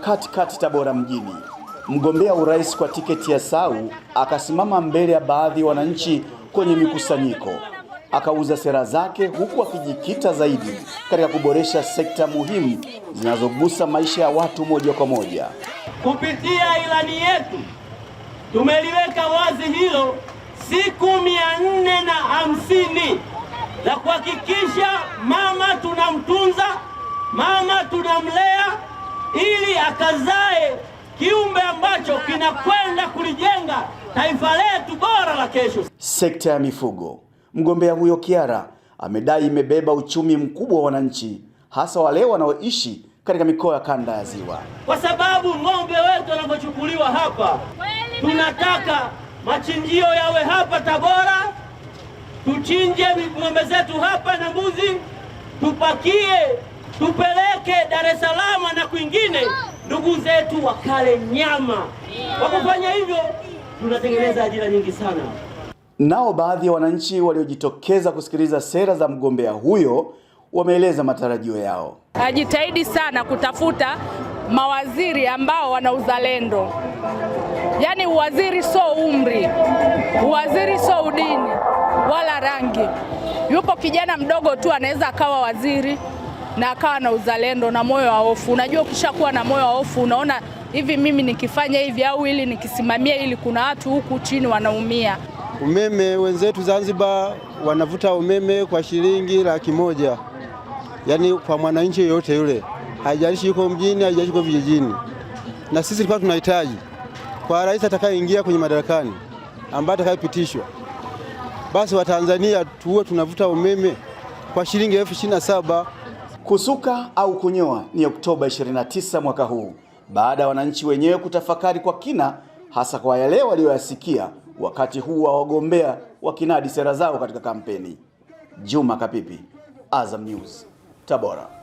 katikati Tabora mjini. Mgombea urais kwa tiketi ya SAU akasimama mbele ya baadhi ya wananchi kwenye mikusanyiko, akauza sera zake, huku akijikita zaidi katika kuboresha sekta muhimu zinazogusa maisha ya watu moja kwa moja. Kupitia ilani yetu tumeliweka wazi hilo siku mia nne na hamsini za kuhakikisha mama tunamtunza, mama tunamlea ili akazae kiumbe ambacho kinakwenda kulijenga taifa letu bora la kesho. Sekta ya mifugo, mgombea huyo kiara amedai imebeba uchumi mkubwa wa wananchi, hasa wale wanaoishi katika mikoa ya kanda ya Ziwa, kwa sababu ng'ombe wetu wanavyochukuliwa hapa. Tunataka machinjio yawe hapa Tabora, tuchinje ng'ombe zetu hapa na mbuzi, tupakie tupeleke Dar es Salaam na kwingine ndugu zetu wakale nyama. Kwa kufanya hivyo, tunatengeneza ajira nyingi sana. Nao baadhi ya wananchi waliojitokeza kusikiliza sera za mgombea huyo wameeleza matarajio yao. Ajitahidi sana kutafuta mawaziri ambao wana uzalendo, yaani uwaziri so umri, uwaziri so udini wala rangi. Yupo kijana mdogo tu anaweza akawa waziri na akawa na uzalendo na moyo wa hofu. Unajua, ukishakuwa na moyo wa hofu, unaona hivi, mimi nikifanya hivi au ili nikisimamia ili, kuna watu huku chini wanaumia. Umeme wenzetu Zanzibar wanavuta umeme kwa shilingi laki moja, yaani kwa mwananchi yoyote yule, haijalishi yuko mjini, haijalishi yuko vijijini. Na sisi tulikuwa tunahitaji kwa rais atakayeingia kwenye madarakani, ambaye atakayepitishwa, basi Watanzania tuwe tunavuta umeme kwa shilingi elfu ishirini na saba. Kusuka au kunyoa ni Oktoba 29 mwaka huu, baada ya wananchi wenyewe kutafakari kwa kina, hasa kwa yale waliyoyasikia wakati huu wa wagombea wakinadi sera zao katika kampeni. Juma Kapipi, Azam News, Tabora.